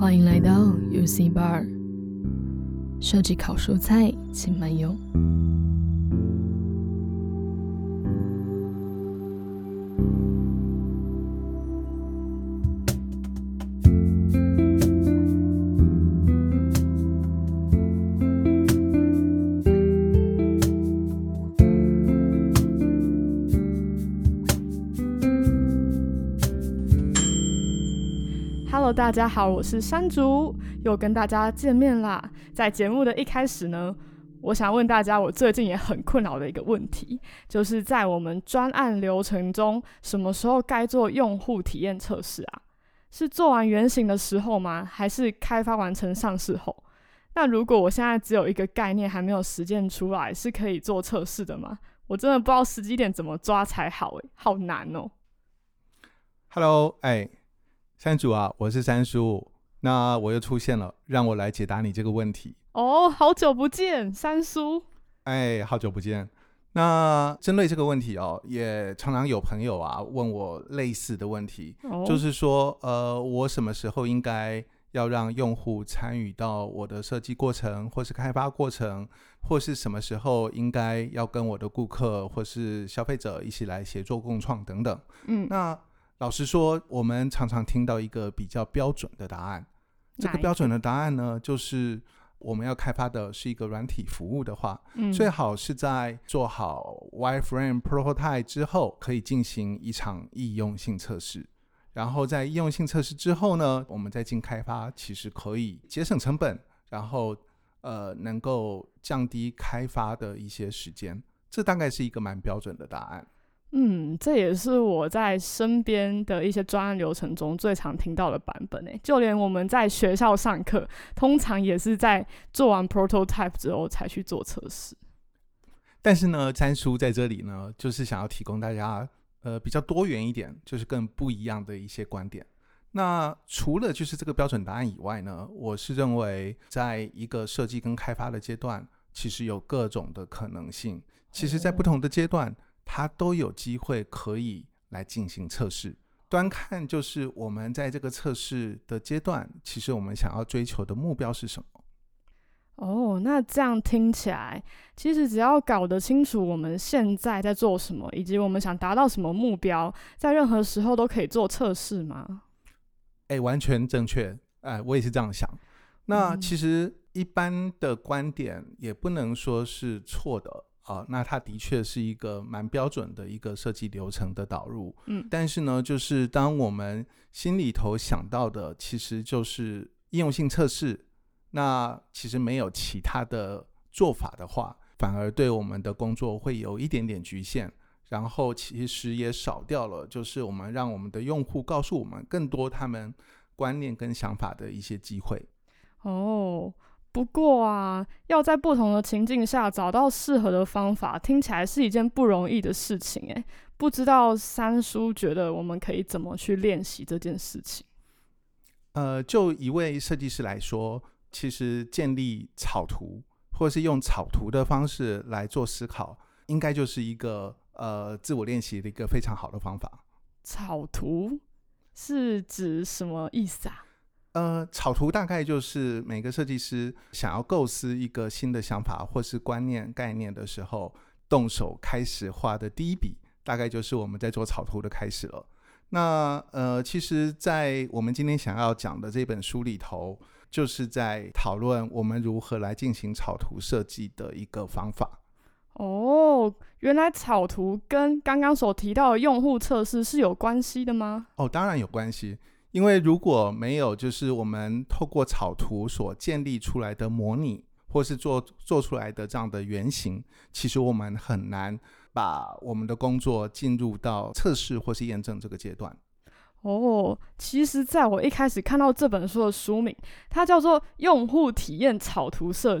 歡迎來到 UC Bar，設計烤書菜，請慢用。大家好，我是山竹，又跟大家見面啦。在節目的一開始呢，我想問大家，我最近也很困擾的一個問題，就是在我們專案流程中，什麼時候該做用戶體驗測試啊？是做完原型的時候嗎？還是開發完成上市後？那如果我現在只有一個概念，還沒有實踐出來，是可以做測試的嗎？我真的不知道時機點怎麼抓才好，欸，誒，好難哦，喔。哈嘍，誒。三組啊，我是三叔，那我又出現了，讓我來解答你這個問題。哦，好久不見，三叔。哎，好久不見。那針對這個問題哦，也常常有朋友啊問我類似的問題，哦、就是說，呃，我什麼時候應該要讓用戶參與到我的設計過程，或是開發過程，或是什麼時候應該要跟我的顧客或是消費者一起來協作共創等等。嗯，那。老實說，我們常常聽到一個比較標準的答案，個這個標準的答案呢，就是我們要開發的是一個軟體服務的話，嗯、最好是在做好 wireframe prototype 之後，可以進行一場易用性測試。然後在易用性測試之後呢，我們再進開發，其實可以節省成本，然後呃能夠降低開發的一些時間。這大概是一個蠻標準的答案。嗯，這也是我在身邊的一些專案流程中最常聽到的版本誒、欸。就連我們在學校上課，通常也是在做完 prototype 之後才去做測試。但是呢，詹叔在這裡呢，就是想要提供大家，呃，比較多元一點，就是更不一樣的一些觀點。那除了就是這個標準答案以外呢，我是認為，在一個設計跟開發的階段，其實有各種的可能性。哦、其實，在不同的階段。他都有機會可以來進行測試。端看就是我們在這個測試的階段，其實我們想要追求的目標是什麼？哦，那這樣聽起來，其實只要搞得清楚我們現在在做什麼，以及我們想達到什麼目標，在任何時候都可以做測試嗎？哎、欸，完全正確。哎、欸，我也是這樣想。那其實一般的觀點也不能說是錯的。嗯。啊、哦，那它的確是一個蠻標準的一個設計流程的導入，嗯，但是呢，就是當我們心裡頭想到的其實就是應用性測試，那其實沒有其他的做法的話，反而對我們的工作會有一點點局限，然後其實也少掉了，就是我們讓我們的用戶告訴我們更多他們觀念跟想法的一些機會，哦。不過啊，要在不同的情境下找到適合的方法，聽起來是一件不容易的事情哎。不知道三叔覺得我們可以怎麼去練習這件事情？呃，就一位設計師來說，其實建立草圖，或是用草圖的方式來做思考，應該就是一個呃自我練習的一個非常好的方法。草圖是指什麼意思啊？呃，草圖大概就是每個設計師想要構思一個新的想法或是觀念概念的時候，動手開始畫的第一筆，大概就是我們在做草圖的開始了。那呃，其實，在我們今天想要講的這本書裡頭，就是在討論我們如何來進行草圖設計的一個方法。哦，原來草圖跟剛剛所提到的用戶測試是有關係的嗎？哦，當然有關係。因為如果沒有，就是我們透過草圖所建立出來的模擬，或是做做出來的這樣的原型，其實我們很難把我們的工作進入到測試或是驗證這個階段。哦，其實，在我一開始看到這本書的書名，它叫做《用戶體驗草圖設計》，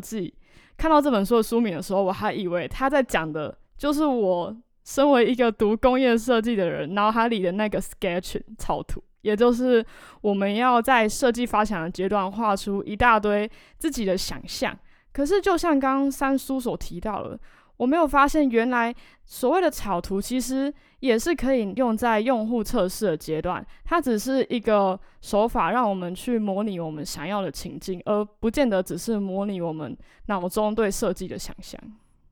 看到這本書的書名的時候，我還以為他在講的就是我身為一個讀工業設計的人腦海裡的那個 sketching 草圖。也就是我們要在設計發想的階段畫出一大堆自己的想象，可是就像剛剛三叔所提到的，我沒有發現原來所謂的草圖其實也是可以用在用戶測試的階段，它只是一個手法，讓我們去模擬我們想要的情境，而不見得只是模擬我們腦中對設計的想象。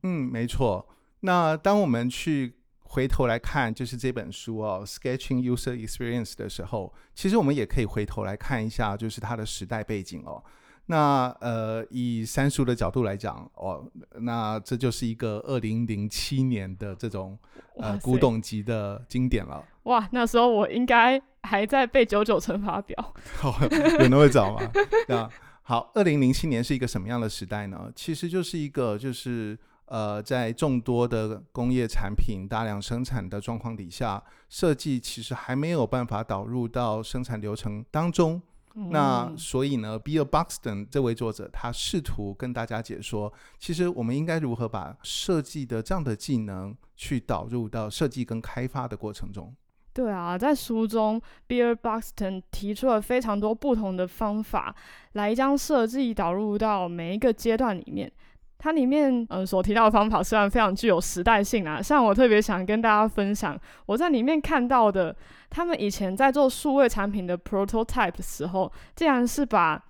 嗯，沒錯。那當我們去。回頭來看，就是這本書哦，《Sketching User Experience》的時候，其實我們也可以回頭來看一下，就是它的時代背景哦。那呃，以三叔的角度來講哦，那這就是一個二零零七年的這種呃塞古董級的經典了。哇，那時候我應該還在背九九乘法表， 有那麼早嗎？對吧？好，二零零七年是一個什麼樣的時代呢？其實就是一個就是。呃，在眾多的工業產品大量生產的狀況底下，設計其實還沒有辦法導入到生產流程當中。嗯、那所以呢，Bill Buxton 這位作者，他試圖跟大家解說，其實我們應該如何把設計的這樣的技能去導入到設計跟開發的過程中。對啊，在書中，Bill Buxton 提出了非常多不同的方法，來將設計導入到每一個階段裡面。它裡面嗯，所提到的方法雖然非常具有時代性啊，像我特別想跟大家分享我在裡面看到的，他們以前在做數位產品的 prototype 的時候，竟然是把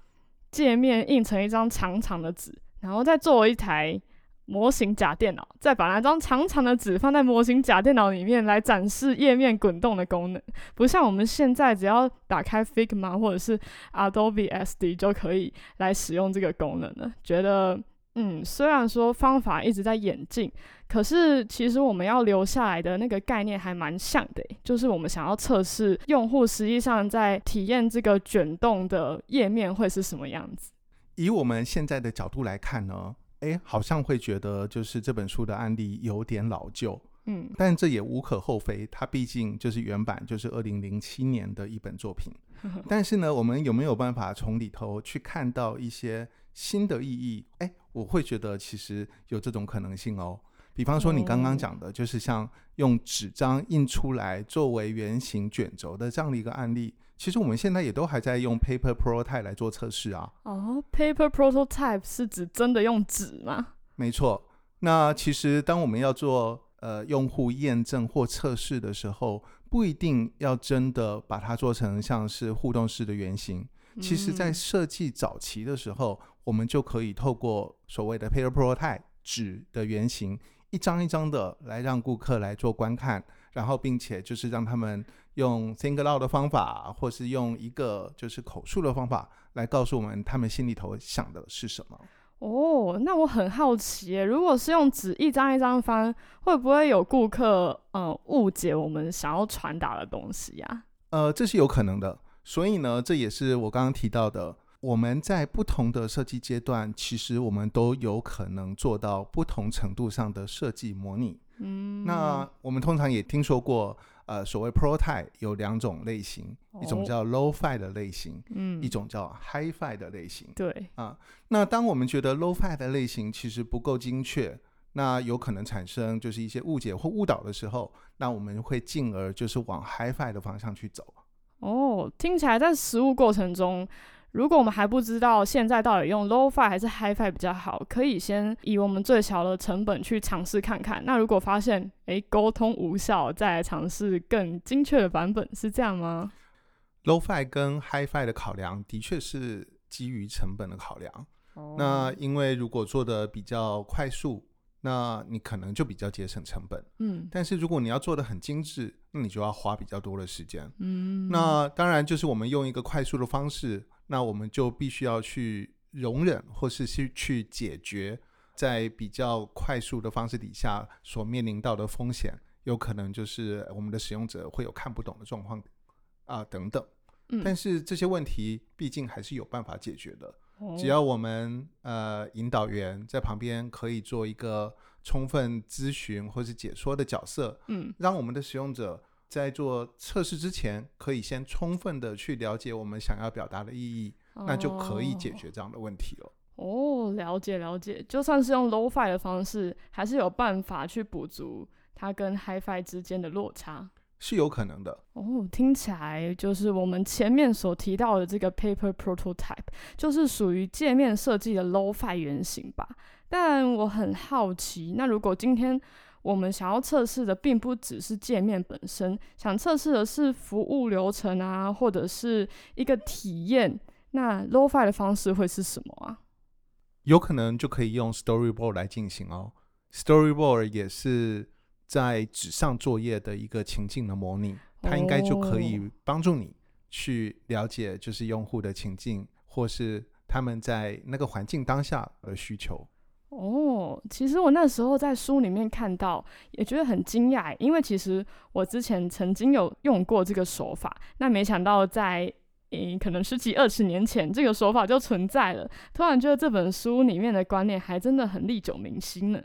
界面印成一張長長的紙，然後再做一台模型假電腦，再把那張長長的紙放在模型假電腦裡面來展示頁面滾動的功能，不像我們現在只要打開 Figma 或者是 Adobe XD 就可以來使用這個功能了，覺得。嗯，雖然說方法一直在演進，可是其實我們要留下來的那個概念還蠻像的，就是我們想要測試用戶實際上在體驗這個捲動的頁面會是什麼樣子。以我們現在的角度來看呢，誒、欸，好像會覺得就是這本書的案例有點老舊，嗯，但這也無可厚非，它畢竟就是原版，就是二零零七年的一本作品。 但是呢，我們有沒有辦法從裡頭去看到一些新的意義，哎、欸，我會覺得其實有這種可能性哦。比方說你剛剛講的，就是像用紙張印出來作為原型卷軸的這樣的一個案例，其實我們現在也都還在用 paper prototype 來做測試啊。哦、oh，paper prototype 是指真的用紙嗎？沒錯。那其實當我們要做呃用戶驗證或測試的時候，不一定要真的把它做成像是互動式的原型。其實，在設計早期的時候，Mm hmm. 我們就可以透過所謂的 paper prototype 紙的原型，一張一張的來讓顧客來做觀看，然後並且就是讓他們用 think aloud 的方法，或是用一個就是口述的方法，來告訴我們他們心裡頭想的是什麼。哦，那我很好奇，如果是用紙一張一張翻，會不會有顧客呃誤解我們想要傳達的東西呀？呃，這是有可能的，所以呢，這也是我剛剛提到的。我們在不同的設計階段，其實我們都有可能做到不同程度上的設計模擬。嗯，那我們通常也聽說過，呃，所謂 prototype 有兩種類型，哦、一種叫 Low-fi 的類型，嗯，一種叫 High-fi 的類型。對啊，那當我們覺得 Low-fi 的類型其實不夠精確，那有可能產生就是一些誤解或誤導的時候，那我們會進而就是往 High-fi 的方向去走。哦，聽起來在實務過程中，如果我們還不知道現在到底用 Low-fi 還是 High-fi 比較好，可以先以我們最小的成本去嘗試看看。那如果發現誒溝通無效，再來嘗試更精確的版本，是這樣嗎？Low-fi 跟 High-fi 的考量的確是基於成本的考量。哦。那因為如果做的比較快速，那你可能就比較節省成本。嗯。但是如果你要做的很精緻，那你就要花比較多的時間。嗯。那當然就是我們用一個快速的方式。那我們就必須要去容忍，或是去去解決，在比較快速的方式底下所面臨到的風險，有可能就是我們的使用者會有看不懂的狀況，啊，等等。嗯，但是這些問題畢竟還是有辦法解決的，只要我們呃引導員在旁邊可以做一個充分諮詢或是解說的角色，嗯，讓我們的使用者。在做測試之前，可以先充分的去了解我們想要表達的意義，哦、那就可以解決這樣的問題了。哦，了解了解，就算是用 low-fi 的方式，還是有辦法去補足它跟 high-fi 之間的落差，是有可能的。哦，聽起來就是我們前面所提到的這個 paper prototype，就是屬於界面設計的 low-fi 原型吧？但我很好奇，那如果今天。我們想要測試的並不只是界面本身，想測試的是服務流程啊，或者是一個體驗。那 Low-fi 的方式會是什麼啊？有可能就可以用 storyboard 來進行哦。Storyboard 也是在紙上作業的一個情境的模擬，它應該就可以幫助你去了解就是用戶的情境，或是他們在那個環境當下的需求。哦，其實我那時候在書裡面看到，也覺得很驚訝，因為其實我之前曾經有用過這個手法，那沒想到在嗯、呃、可能十幾二十年前，這個手法就存在了。突然覺得這本書裡面的觀念還真的很歷久彌新呢。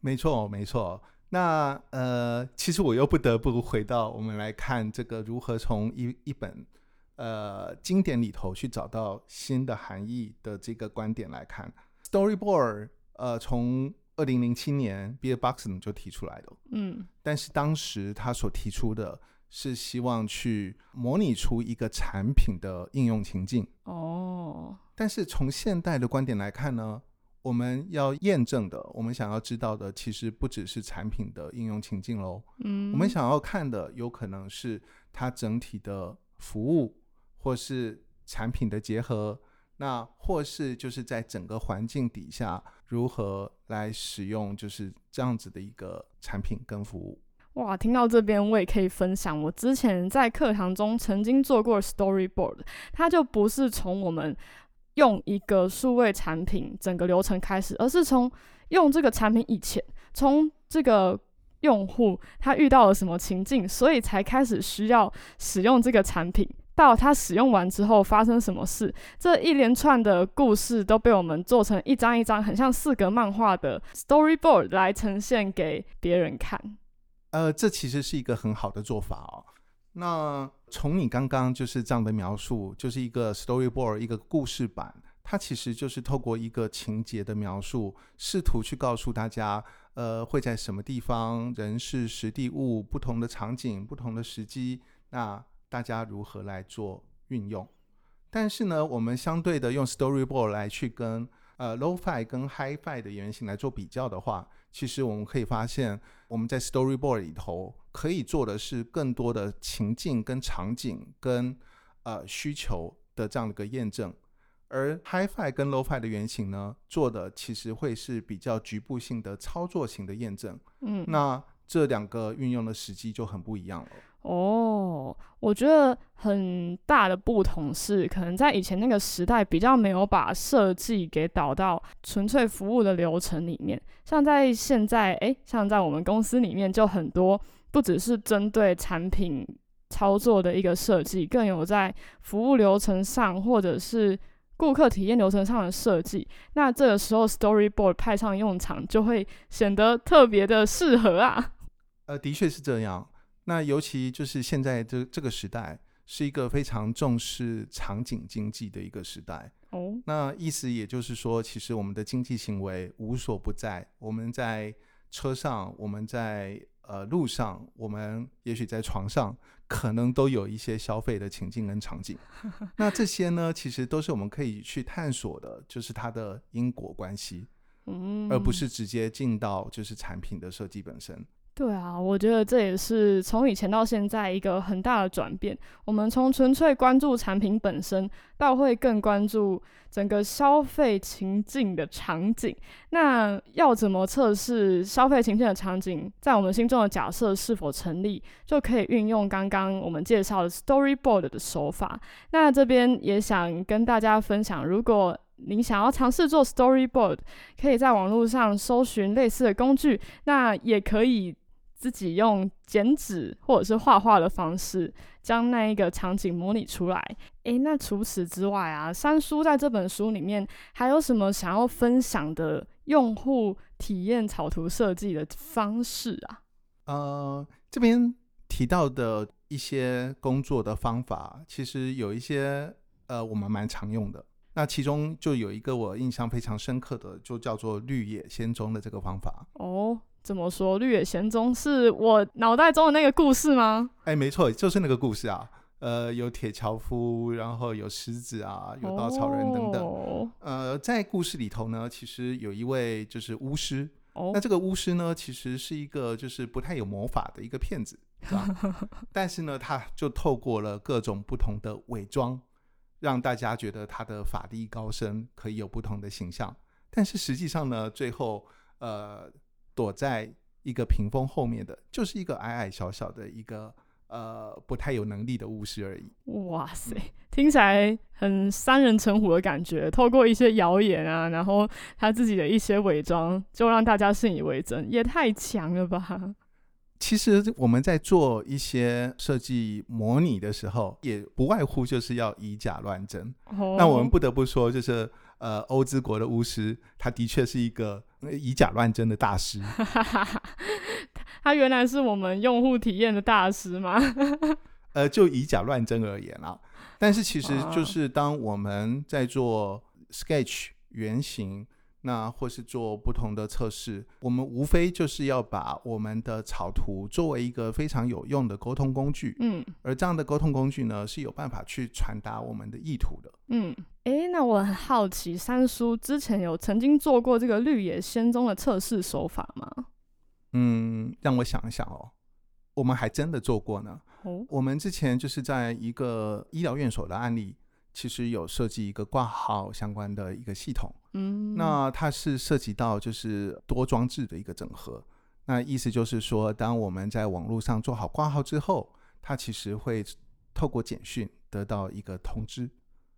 沒錯，沒錯。那呃，其實我又不得不回到我們來看這個如何從一一本呃經典裡頭去找到新的含義的這個觀點來看。Storyboard，呃，從二零零七年，Bill Buxton 就提出來的。嗯，但是當時他所提出的是希望去模擬出一個產品的應用情境。哦，但是從現代的觀點來看呢，我們要驗證的，我們想要知道的，其實不只是產品的應用情境嘍。嗯，我們想要看的，有可能是它整體的服務或是產品的結合。那或是就是在整個環境底下，如何來使用就是這樣子的一個產品跟服務。哇，聽到這邊我也可以分享，我之前在課堂中曾經做過 Storyboard，它就不是從我們用一個數位產品整個流程開始，而是從用這個產品以前，從這個用戶他遇到了什麼情境，所以才開始需要使用這個產品。到他使用完之後發生什麼事，這一連串的故事都被我們做成一張一張很像四格漫畫的 storyboard 來呈現給別人看。呃，這其實是一個很好的做法哦。那從你剛剛就是這樣的描述，就是一個 storyboard，一個故事板。它其實就是透過一個情節的描述，試圖去告訴大家，呃，會在什麼地方，人、事、時、地、物，不同的場景，不同的時機，那，大家如何來做運用？但是呢，我們相對的用 storyboard 來去跟呃 low fi 跟 high fi 的原型來做比較的話，其實我們可以發現，我們在 storyboard 裡頭可以做的是更多的情境跟場景跟呃需求的這樣的一個驗證而，而 high fi 跟 low fi 的原型呢做的其實會是比較局部性的操作型的驗證。嗯，那這兩個運用的時機就很不一樣了。哦，oh, 我覺得很大的不同是，可能在以前那個時代，比較沒有把設計給導到純粹服務的流程裡面。像在現在，哎、欸，像在我們公司裡面，就很多不只是針對產品操作的一個設計，更有在服務流程上或者是顧客體驗流程上的設計。那這個時候 storyboard 派上用場，就會顯得特別的適合啊。呃，的確是這樣。那尤其就是現在這這個時代，是一個非常重視場景經濟的一個時代。哦，那意思也就是說，其實我們的經濟行為無所不在。我們在車上，我們在呃路上，我們也許在床上，可能都有一些消費的情境跟場景。 那這些呢，其實都是我們可以去探索的，就是它的因果關係，嗯、而不是直接進到就是產品的設計本身。對啊，我覺得這也是從以前到現在一個很大的轉變。我們從純粹關注產品本身，到會更關注整個消費情境的場景。那要怎麼測試消費情境的場景，在我們心中的假設是否成立，就可以運用剛剛我們介紹的 Storyboard 的手法。那這邊也想跟大家分享，如果您想要嘗試做 Storyboard，可以在網絡上搜尋類似的工具，那也可以。自己用剪紙或者是畫畫的方式，將那一個場景模擬出來。誒，那除此之外啊，三叔在這本書裡面還有什麼想要分享的用戶體驗草圖設計的方式啊？呃，這邊提到的一些工作的方法，其實有一些呃我們蠻常用的。那其中就有一個我印象非常深刻的，就叫做《綠野仙蹤》的這個方法。哦。怎麼說？綠野仙蹤是我腦袋中的那個故事嗎？哎，沒錯，就是那個故事啊。呃，有鐵樵夫，然後有獅子啊，有稻草人等等。Oh. 呃，在故事裡頭呢，其實有一位就是巫師。Oh. 那這個巫師呢，其實是一個就是不太有魔法的一個騙子，是 但是呢，他就透過了各種不同的偽裝，讓大家覺得他的法力高深，可以有不同的形象。但是實際上呢，最後呃。躲在一個屏風後面的，就是一個矮矮小小的一個呃，不太有能力的巫師而已。哇塞，聽起來很三人成虎的感覺。透過一些謠言啊，然後他自己的一些偽裝，就讓大家信以為真，也太強了吧？其實我們在做一些設計模擬的時候，也不外乎就是要以假亂真。哦，那我們不得不說，就是。呃，奧茲國的巫師，他的確是一個以假亂真的大師。 他原來是我們用戶體驗的大師嗎？ 呃，就以假亂真而言啊，但是其實就是當我們在做 sketch 原型，那或是做不同的測試，我們無非就是要把我們的草圖作為一個非常有用的溝通工具。嗯，而這樣的溝通工具呢，是有辦法去傳達我們的意圖的。嗯。哎，那我很好奇，三叔之前有曾經做過這個《綠野仙蹤》的測試手法嗎？嗯，讓我想一想哦。我們還真的做過呢。哦，我們之前就是在一個醫療院所的案例，其實有設計一個掛號相關的一個系統。嗯，那它是涉及到就是多裝置的一個整合。那意思就是說，當我們在網絡上做好掛號之後，它其實會透過簡訊得到一個通知。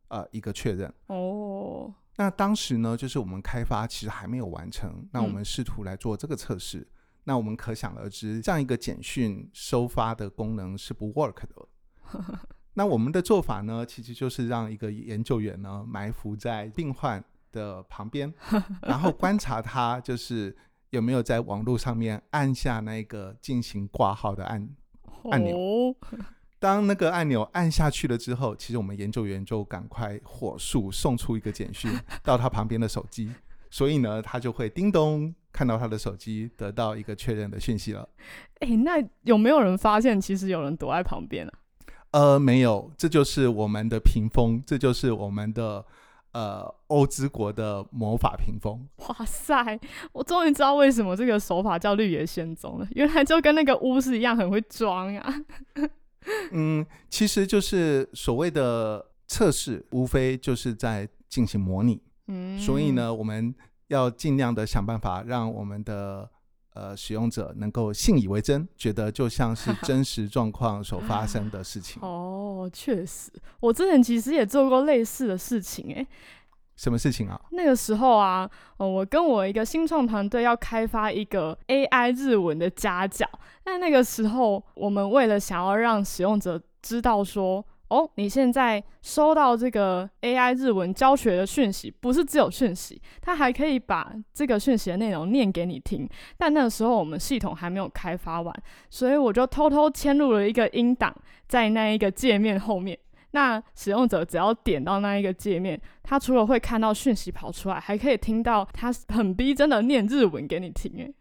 呃，一個確認。哦。Oh. 那當時呢，就是我們開發其實還沒有完成，那我們試圖來做這個測試。嗯、那我們可想而知，這樣一個簡訊收發的功能是不 work 的。 那我們的做法呢，其實就是讓一個研究員呢埋伏在病患的旁邊， 然後觀察他就是有沒有在網絡上面按下那個進行掛號的按、oh. 按鈕。當那個按鈕按下去了之後，其實我們研究員就趕快火速送出一個簡訊到他旁邊的手機， 所以呢，他就會叮咚看到他的手機得到一個確認的訊息了。誒、欸，那有沒有人發現其實有人躲在旁邊啊？呃，沒有，這就是我們的屏風，這就是我們的呃歐之國的魔法屏風。哇塞，我終於知道為什麼這個手法叫綠野仙蹤了，原來就跟那個巫師一樣很會裝啊。 嗯，其實就是所謂的測試，無非就是在進行模擬。嗯，所以呢，我們要盡量的想辦法讓我們的呃使用者能夠信以為真，覺得就像是真實狀況所發生的事情。 哦，確實，我之前其實也做過類似的事情、欸，誒，什麼事情啊？那個時候啊、呃，我跟我一個新創團隊要開發一個 AI 日文的家教。在那，那個時候，我們為了想要讓使用者知道說，哦，你現在收到這個 AI 日文教學的訊息，不是只有訊息，它還可以把這個訊息的內容念給你聽。但那個時候我們系統還沒有開發完，所以我就偷偷遷入了一個音檔在那一個界面後面。那使用者只要點到那一個界面，他除了會看到訊息跑出來，還可以聽到他很逼真的念日文給你聽、欸。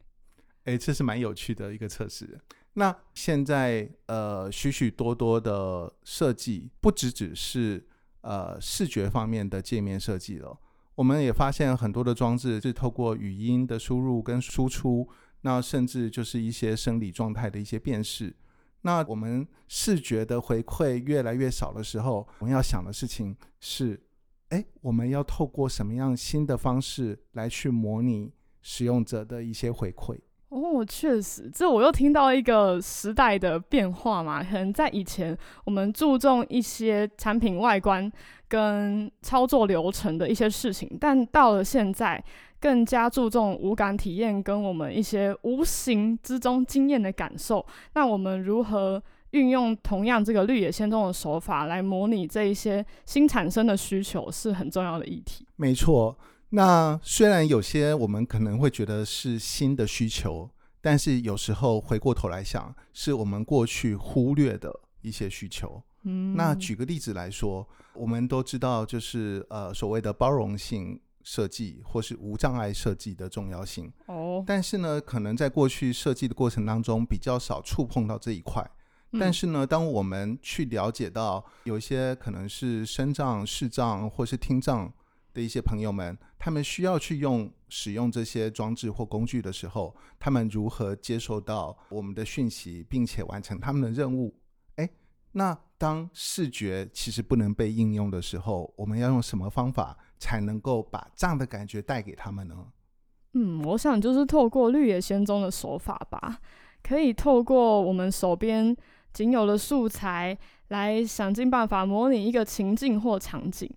哎，這是蠻有趣的一個測試。那現在，呃，許許多多的設計，不只只是呃視覺方面的界面設計了。我們也發現很多的裝置是透過語音的輸入跟輸出，那甚至就是一些生理狀態的一些辨識。那我們視覺的回饋越來越少的時候，我們要想的事情是：哎，我們要透過什麼樣新的方式來去模擬使用者的一些回饋？哦，確實，這我又聽到一個時代的變化嘛。可能在以前，我們注重一些產品外觀跟操作流程的一些事情，但到了現在，更加注重無感體驗跟我們一些無形之中經驗的感受。那我們如何運用同樣這個綠野仙蹤的手法來模擬這一些新產生的需求，是很重要的議題。沒錯。那雖然有些我們可能會覺得是新的需求，但是有時候回過頭來想，是我們過去忽略的一些需求。嗯，那舉個例子來說，我們都知道就是呃所謂的包容性設計或是無障礙設計的重要性。哦，但是呢，可能在過去設計的過程當中比較少觸碰到這一塊。嗯，但是呢，當我們去了解到有一些可能是身障、視障或是聽障。的一些朋友們，他們需要去用使用這些裝置或工具的時候，他們如何接受到我們的訊息，並且完成他們的任務？誒，那當視覺其實不能被應用的時候，我們要用什麼方法才能夠把這樣的感覺帶給他們呢？嗯，我想就是透過綠野仙蹤的手法吧，可以透過我們手邊僅有的素材來想盡辦法模擬一個情境或場景。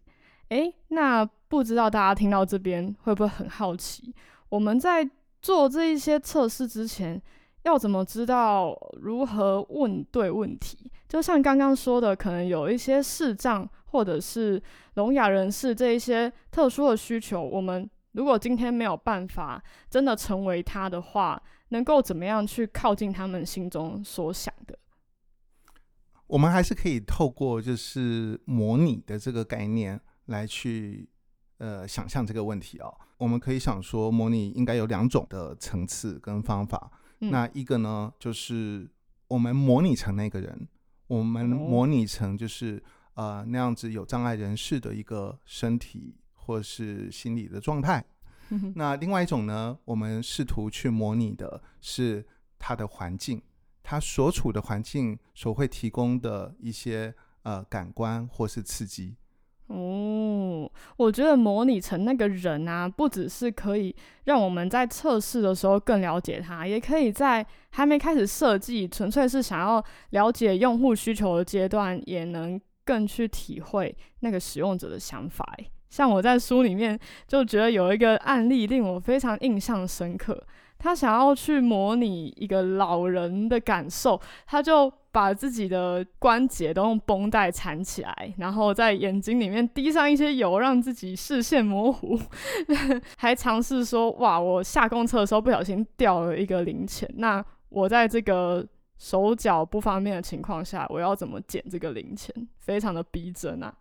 誒，那。不知道大家聽到這邊會不會很好奇？我們在做這一些測試之前，要怎麼知道如何問對問題？就像剛剛說的，可能有一些視障或者是聾啞人士這一些特殊的需求，我們如果今天沒有辦法真的成為他的話，能夠怎麼樣去靠近他們心中所想的？我們還是可以透過就是模擬的這個概念來去，呃，想象這個問題哦，我們可以想說，模擬應該有兩種的層次跟方法。嗯、那一個呢，就是我們模擬成那個人，我們模擬成就是、哦、呃那樣子有障礙人士的一個身體或是心理的狀態。嗯、哼那另外一種呢，我們試圖去模擬的是他的環境，他所處的環境所會提供的一些呃感官或是刺激。哦，我覺得模擬成那個人啊，不只是可以讓我們在測試的時候更了解他，也可以在還沒開始設計，純粹是想要了解用戶需求的階段，也能更去體會那個使用者的想法。像我在書裡面就覺得有一個案例令我非常印象深刻。他想要去模擬一個老人的感受，他就把自己的關節都用繃帶纏起來，然後在眼睛裡面滴上一些油，讓自己視線模糊， 還嘗試說：“哇，我下公車的時候不小心掉了一個零錢，那我在這個手腳不方便的情況下，我要怎麼撿這個零錢？非常的逼真啊！”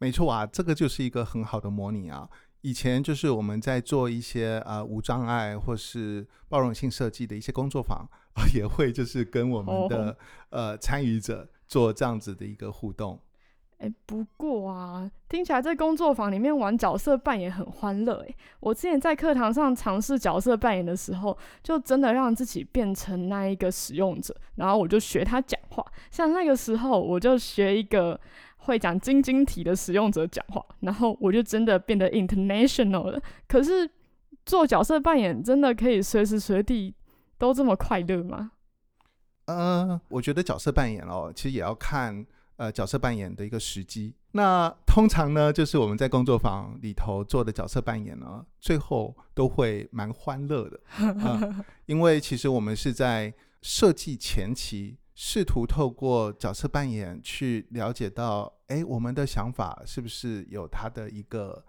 沒錯啊，這個就是一個很好的模擬啊。以前就是我們在做一些呃無障礙或是包容性設計的一些工作坊，也會就是跟我們的、oh. 呃參與者做這樣子的一個互動。欸，不過啊，聽起來在工作坊裡面玩角色扮演很歡樂。欸，我之前在課堂上嘗試角色扮演的時候，就真的讓自己變成那一個使用者，然後我就學他講話。像那個時候，我就學一個。會講晶晶體的使用者講話，然後我就真的變得 international 了。可是做角色扮演真的可以隨時隨地都這麼快樂嗎？呃，我覺得角色扮演哦，其實也要看呃角色扮演的一個時機。那通常呢，就是我們在工作坊裡頭做的角色扮演呢，最後都會蠻歡樂的， 呃，因為其實我們是在設計前期。試圖透過角色扮演去了解到，哎，我們的想法是不是有它的一個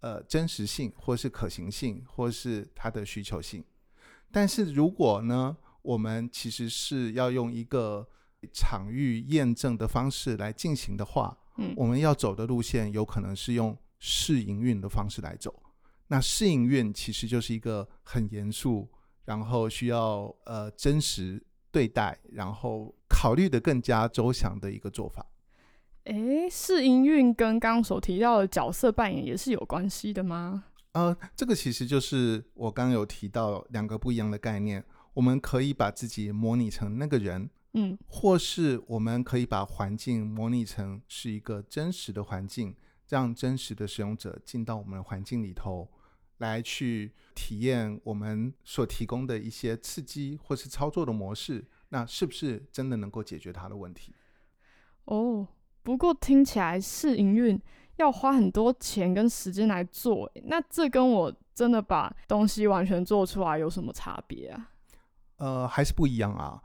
呃真實性，或是可行性，或是它的需求性？但是如果呢，我們其實是要用一個場域驗證的方式來進行的話，嗯，我們要走的路線有可能是用試營運的方式來走。那試營運其實就是一個很嚴肅，然後需要呃真實。對待，然後考慮得更加周詳的一個做法。誒，是音韻跟剛剛所提到的角色扮演也是有關係的嗎？呃，這個其實就是我剛剛有提到兩個不一樣的概念。我們可以把自己模擬成那個人，嗯，或是我們可以把環境模擬成是一個真實的環境，讓真實的使用者進到我們的環境裡頭。來去體驗我們所提供的一些刺激或是操作的模式，那是不是真的能夠解決他的問題？哦，不過聽起來試營運要花很多錢跟時間來做，那這跟我真的把東西完全做出來有什麼差別啊？呃，還是不一樣啊，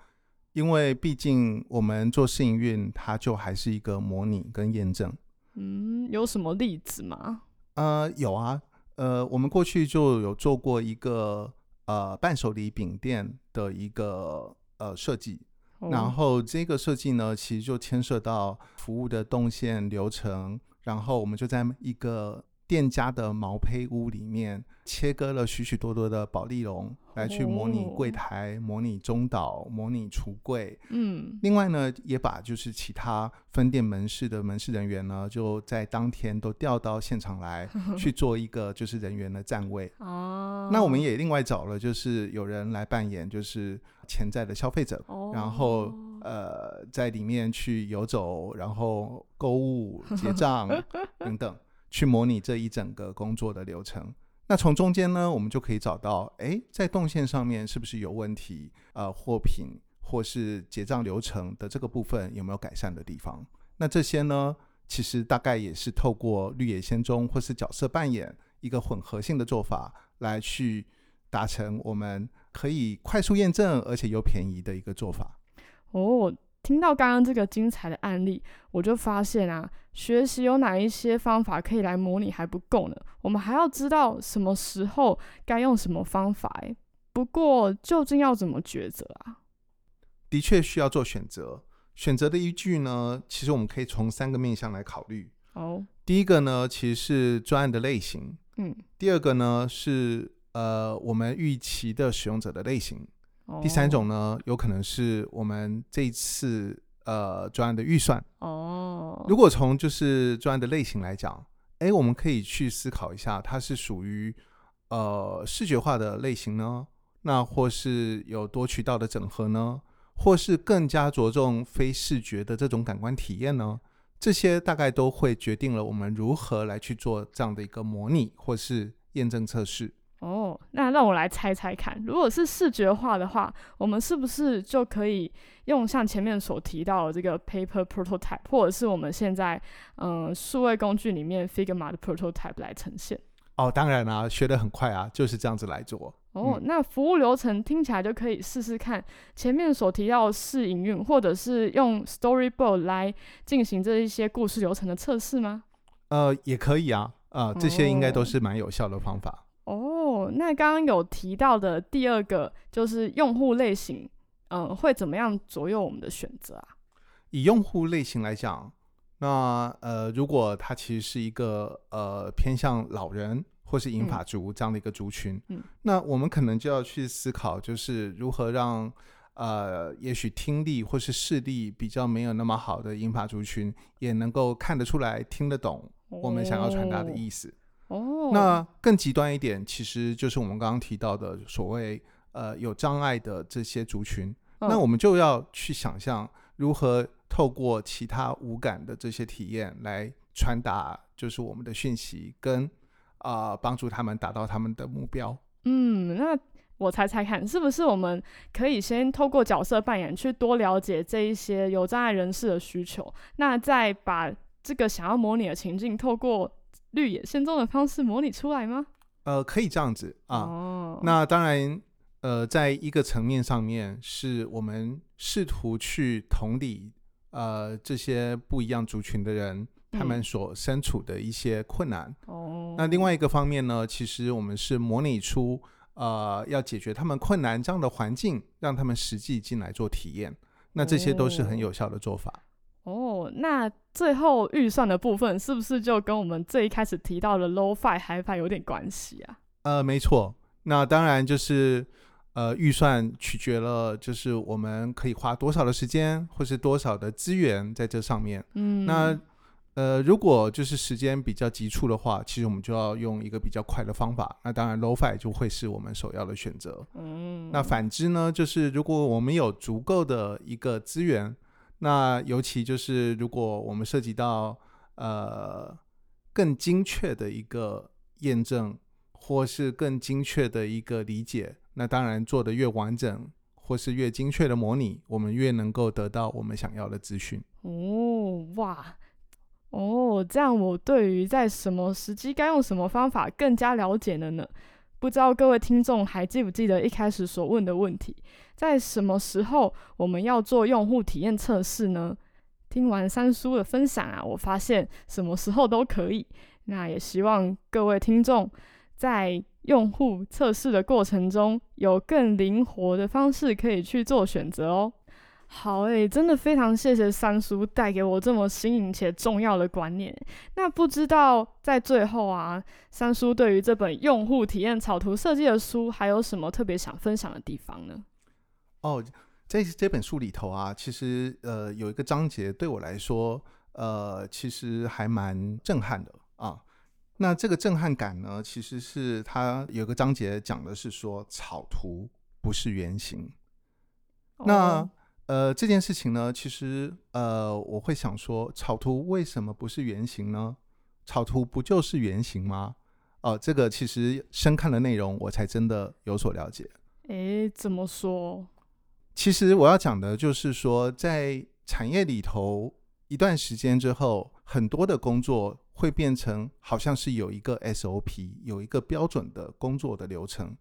因為畢竟我們做試營運，它就還是一個模擬跟驗證。嗯，有什麼例子嗎？呃，有啊。呃，我們過去就有做過一個呃伴手禮餅店的一個呃設計，哦、然後這個設計呢，其實就牽涉到服務的動線流程，然後我們就在一個店家的毛坯屋裡面切割了許許多多的保麗龍，來去模擬櫃檯、oh. 模擬中島、模擬櫥櫃。嗯，另外呢，也把就是其他分店門市的門市人員呢，就在當天都調到現場來去做一個就是人員的站位。哦， 那我們也另外找了就是有人來扮演就是潛在的消費者，oh. 然後呃在裡面去遊走，然後購物、結賬等等。 去模擬這一整個工作的流程，那從中間呢，我們就可以找到，哎、欸，在動線上面是不是有問題？呃，貨品或是結賬流程的這個部分有沒有改善的地方？那這些呢，其實大概也是透過綠野仙蹤或是角色扮演一個混合性的做法來去達成，我們可以快速驗證而且又便宜的一個做法。哦。聽到剛剛這個精彩的案例，我就發現啊，學習有哪一些方法可以來模擬還不夠呢？我們還要知道什麼時候該用什麼方法。不過，究竟要怎麼抉擇啊？的確需要做選擇。選擇的依據呢，其實我們可以從三個面向來考慮。哦。Oh. 第一個呢，其實是專案的類型。嗯。第二個呢，是呃我們預期的使用者的類型。第三種呢，有可能是我們這一次呃專案的預算哦。如果從就是專案的類型來講，哎，我們可以去思考一下，它是屬於呃視覺化的類型呢，那或是有多渠道的整合呢，或是更加着重非視覺的這種感官體驗呢？這些大概都會決定了我們如何來去做這樣的一個模擬或是驗證測試。哦，那讓我來猜猜看，如果是視覺化的話，我們是不是就可以用像前面所提到的這個 paper prototype，或者是我們現在嗯、呃、數位工具裡面 figma 的 prototype 來呈現？哦，當然啦、啊，學得很快啊，就是這樣子來做。哦，嗯、那服務流程聽起來就可以試試看，前面所提到的試營運，或者是用 storyboard 來進行這一些故事流程的測試嗎？呃，也可以啊，呃，這些應該都是蠻有效的方法。哦。哦。哦、那剛剛有提到的第二個就是用戶類型，嗯、呃，會怎麼樣左右我們的選擇啊？以用戶類型來講，那呃，如果他其實是一個呃偏向老人或是銀髮族這樣的一個族群，嗯，那我們可能就要去思考，就是如何讓呃，也許聽力或是視力比較沒有那麼好的銀髮族群，也能夠看得出來、聽得懂我們想要傳達的意思。哦哦，oh. 那更極端一點，其實就是我們剛剛提到的所謂呃有障礙的這些族群，oh. 那我們就要去想象如何透過其他五感的這些體驗來傳達，就是我們的訊息跟啊、呃、幫助他們達到他們的目標。嗯，那我猜猜看，是不是我們可以先透過角色扮演去多了解這一些有障礙人士的需求，那再把這個想要模擬的情境透過綠野仙蹤的方式模擬出來嗎？呃，可以這樣子啊。哦。那當然，呃，在一個層面上面，是我們試圖去同理呃這些不一樣族群的人，他們所身處的一些困難。哦，嗯。那另外一個方面呢，其實我們是模擬出呃要解決他們困難這樣的環境，讓他們實際進來做體驗。那這些都是很有效的做法。哦。哦，那最後預算的部分是不是就跟我們最一開始提到的 Low-fi High-fi 有點關係啊？呃，沒錯，那當然就是，呃，預算取決了就是我們可以花多少的時間或是多少的資源在這上面。嗯，那呃，如果就是時間比較急促的話，其實我們就要用一個比較快的方法。那當然 Low-fi 就會是我們首要的選擇。嗯，那反之呢，就是如果我們有足夠的一個資源。那尤其就是，如果我們涉及到呃更精確的一個驗證，或是更精確的一個理解，那當然做得越完整，或是越精確的模擬，我們越能夠得到我們想要的資訊。哦，哇，哦，這樣我對於在什麼時機該用什麼方法更加了解了呢。不知道各位聽眾還記不記得一開始所問的問題？在什麼時候我們要做用戶體驗測試呢？聽完三叔的分享啊，我發現什麼時候都可以。那也希望各位聽眾在用戶測試的過程中，有更靈活的方式可以去做選擇哦。好誒、欸，真的非常謝謝三叔帶給我這麼新穎且重要的觀念。那不知道在最後啊，三叔對於這本用戶體驗草圖設計的書還有什麼特別想分享的地方呢？哦，這這本書裡頭啊，其實呃有一個章節對我來說，呃其實還蠻震撼的啊。那這個震撼感呢，其實是他有個章節講的是說，草圖不是原型。哦、那呃這件事情呢，其實呃我會想說，草圖為什麼不是原型呢？草圖不就是原型嗎？哦、呃，這個其實深看的內容我才真的有所了解。哎，怎麼說？其實我要講的就是說，在產業裡頭一段時間之後，很多的工作會變成好像是有一個 SOP，有一個標準的工作的流程。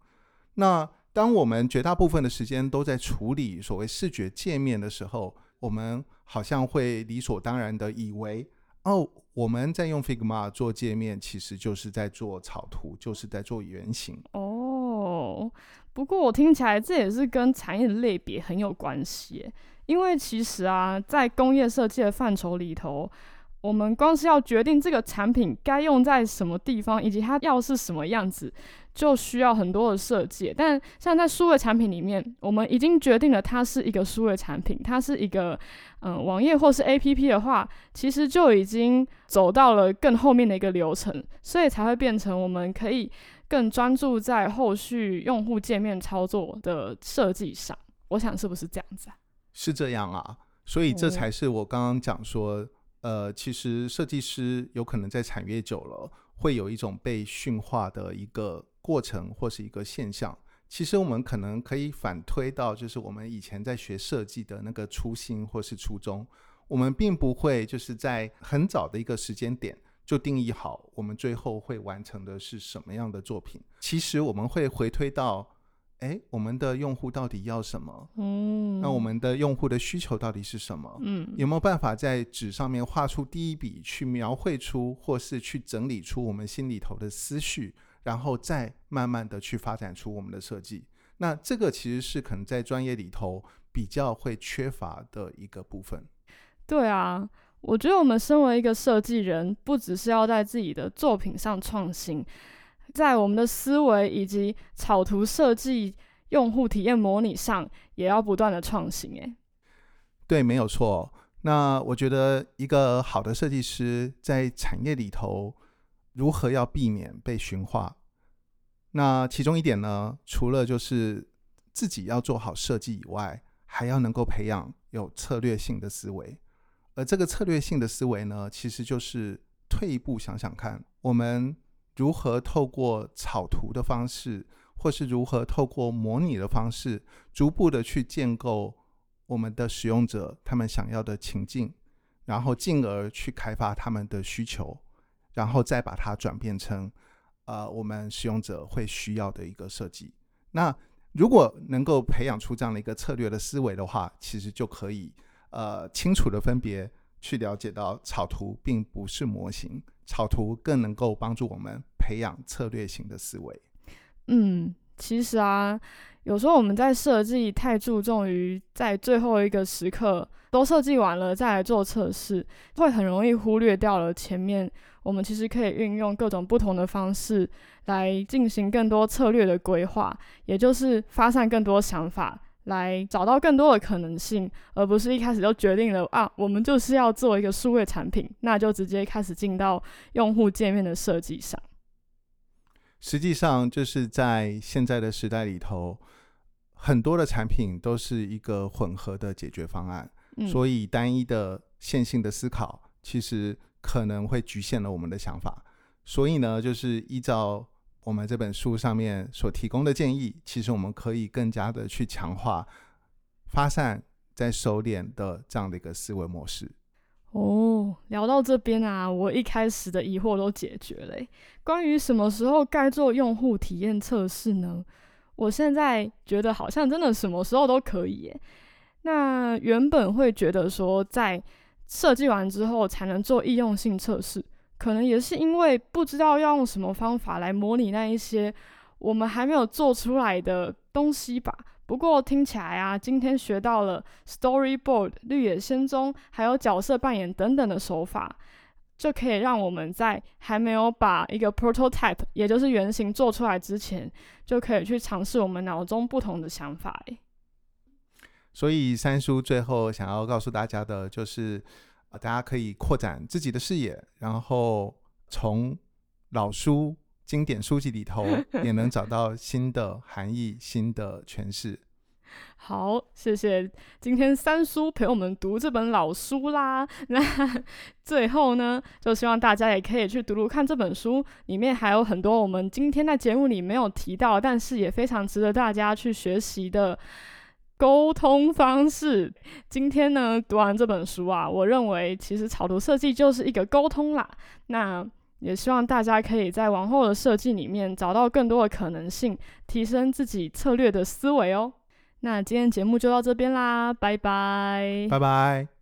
那當我們絕大部分的時間都在處理所謂視覺界面的時候，我們好像會理所當然的以為，哦，我們在用 Figma 做界面，其實就是在做草圖，就是在做原型。哦。哦，不過我聽起來這也是跟產業的類別很有關係，因為其實啊，在工業設計的範疇裡頭，我們光是要決定這個產品該用在什麼地方，以及它要是什麼樣子，就需要很多的設計。但像在數位產品裡面，我們已經決定了它是一個數位產品，它是一個嗯，網頁或是 APP 的話，其實就已經走到了更後面的一個流程，所以才會變成我們可以。更專注在後續用戶界面操作的設計上，我想是不是這樣子啊？是這樣啊，所以這才是我剛剛講說，oh. 呃，其實設計師有可能在產業久了，會有一種被馴化的一個過程或是一個現象。其實我們可能可以反推到，就是我們以前在學設計的那個初心或是初衷，我們並不會就是在很早的一個時間點。就定義好我們最後會完成的是什麼樣的作品。其實我們會回推到，誒、欸，我們的用戶到底要什麼？嗯，那我們的用戶的需求到底是什麼？嗯，有沒有辦法在紙上面畫出第一筆，去描繪出或是去整理出我們心裡頭的思緒，然後再慢慢的去發展出我們的設計？那這個其實是可能在專業裡頭比較會缺乏的一個部分。對啊。我覺得我們身為一個設計人，不只是要在自己的作品上創新，在我們的思維以及草圖設計、用戶體驗模擬上，也要不斷的創新。哎，對，沒有錯。那我覺得一個好的設計師在產業裡頭，如何要避免被馴化？那其中一點呢，除了就是自己要做好設計以外，還要能夠培養有策略性的思維。而這個策略性的思維呢，其實就是退一步想想看，我們如何透過草圖的方式，或是如何透過模擬的方式，逐步的去建構我們的使用者他們想要的情境，然後進而去開發他們的需求，然後再把它轉變成，呃，我們使用者會需要的一個設計。那如果能夠培養出這樣的一個策略的思維的話，其實就可以。呃，清楚的分別去了解到，草圖並不是模型，草圖更能夠幫助我們培養策略性的思維。嗯，其實啊，有時候我們在設計太注重於在最後一個時刻都設計完了再來做測試，會很容易忽略掉了前面。我們其實可以運用各種不同的方式來進行更多策略的規劃，也就是發散更多想法。來找到更多的可能性，而不是一開始就決定了啊，我們就是要做一個數位產品，那就直接開始進到用戶界面的設計上。實際上，就是在現在的時代裡頭，很多的產品都是一個混合的解決方案，嗯，所以單一的線性的思考其實可能會局限了我們的想法。所以呢，就是依照。我們這本書上面所提供的建議，其實我們可以更加的去強化發散在收斂的這樣的一個思維模式。哦，聊到這邊啊，我一開始的疑惑都解決了欸。關於什麼時候該做用戶體驗測試呢？我現在覺得好像真的什麼時候都可以欸。那原本會覺得說，在設計完之後才能做易用性測試。可能也是因為不知道要用什麼方法來模擬那一些我們還沒有做出來的東西吧。不過聽起來啊，今天學到了 storyboard、綠野仙蹤，還有角色扮演等等的手法，就可以讓我們在還沒有把一個 prototype，也就是原型做出來之前，就可以去嘗試我們腦中不同的想法，欸。所以三叔最後想要告訴大家的就是。啊，大家可以擴展自己的視野，然後從老書、經典書籍裡頭也能找到新的含義、 新的詮釋。好，謝謝今天三叔陪我們讀這本老書啦。那最後呢，就希望大家也可以去讀讀看這本書，裡面還有很多我們今天在節目裡沒有提到，但是也非常值得大家去學習的。溝通方式，今天呢讀完這本書啊，我認為其實草圖設計就是一個溝通啦。那也希望大家可以在往後的設計裡面找到更多的可能性，提升自己策略的思維哦。那今天節目就到這邊啦，拜拜，拜拜。